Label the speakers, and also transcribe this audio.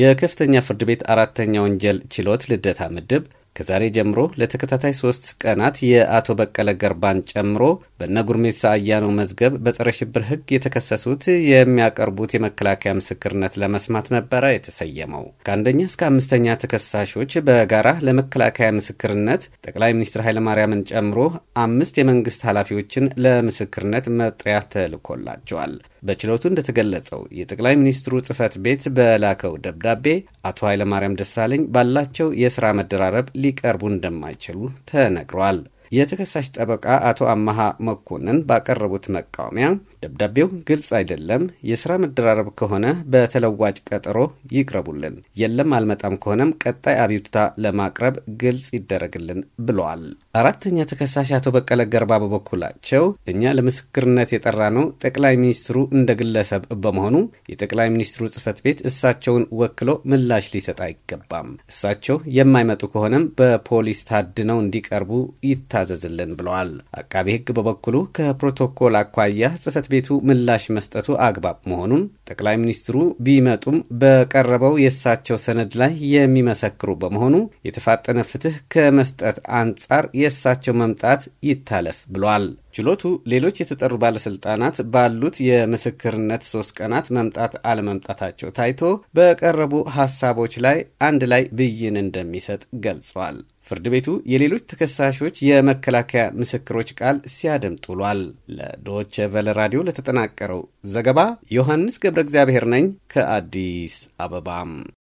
Speaker 1: የከፍተኛ ፍርድ ቤት አራተኛ ወንጀል ችሎት ልደታ ምድብ ከዛሬ ጀምሮ ለተከታታይ ሶስት ቀናት የአቶ በቀለ ገርባን ጨምሮ በነ ጉርሜሳ አያነው መዝገብ በጸረ ሽብር ሕግ የተከሰሱት የሚያቀርቡት የመከላከያ ምስክርነት ለመስማት ነበረ የተሰየመው። ከአንደኛ እስከ አምስተኛ ተከሳሾች በጋራ ለመከላከያ ምስክርነት ጠቅላይ ሚኒስትር ኃይለማርያምን ጨምሮ አምስት የመንግስት ኃላፊዎችን ለምስክርነት መጥሪያ ተልኮላቸዋል። በችሎቱ እንደተገለጸው የጠቅላይ ሚኒስትሩ ጽህፈት ቤት በላከው ደብዳቤ አቶ ኃይለማርያም ደሳለኝ ባላቸው የስራ መደራረብ ሊቀርቡ እንደማይችሉ ተነግሯል። የተከሳሽ ጠበቃ አቶ አመሃ መኮንን ባቀረቡት መቃወሚያ ደብዳቤው ግልጽ አይደለም፣ የስራ መደራረብ ከሆነ በተለዋጭ ቀጠሮ ይቅረቡልን፣ የለም አልመጣም ከሆነም ቀጣይ አቤቱታ ለማቅረብ ግልጽ ይደረግልን ብለዋል። አራተኛ ተከሳሽ አቶ በቀለ ገርባ በበኩላቸው እኛ ለምስክርነት የጠራ ነው ጠቅላይ ሚኒስትሩ እንደ ግለሰብ በመሆኑ የጠቅላይ ሚኒስትሩ ጽህፈት ቤት እሳቸውን ወክሎ ምላሽ ሊሰጥ አይገባም። እሳቸው የማይመጡ ከሆነም በፖሊስ ታድነው እንዲቀርቡ ይታ ይታዘዝልን ብለዋል። አቃቢ ሕግ በበኩሉ ከፕሮቶኮል አኳያ ጽህፈት ቤቱ ምላሽ መስጠቱ አግባብ መሆኑን ጠቅላይ ሚኒስትሩ ቢመጡም በቀረበው የእሳቸው ሰነድ ላይ የሚመሰክሩ በመሆኑ የተፋጠነ ፍትህ ከመስጠት አንጻር የእሳቸው መምጣት ይታለፍ ብሏል። ችሎቱ ሌሎች የተጠሩ ባለስልጣናት ባሉት የምስክርነት ሶስት ቀናት መምጣት አለመምጣታቸው ታይቶ በቀረቡ ሀሳቦች ላይ አንድ ላይ ብይን እንደሚሰጥ ገልጿል። ፍርድ ቤቱ የሌሎች ተከሳሾች የመከላከያ ምስክሮች ቃል ሲያደምጥ ውሏል። ለዶች ቨለ ራዲዮ ለተጠናቀረው ዘገባ ዮሐንስ ገብረ እግዚአብሔር ነኝ ከአዲስ አበባም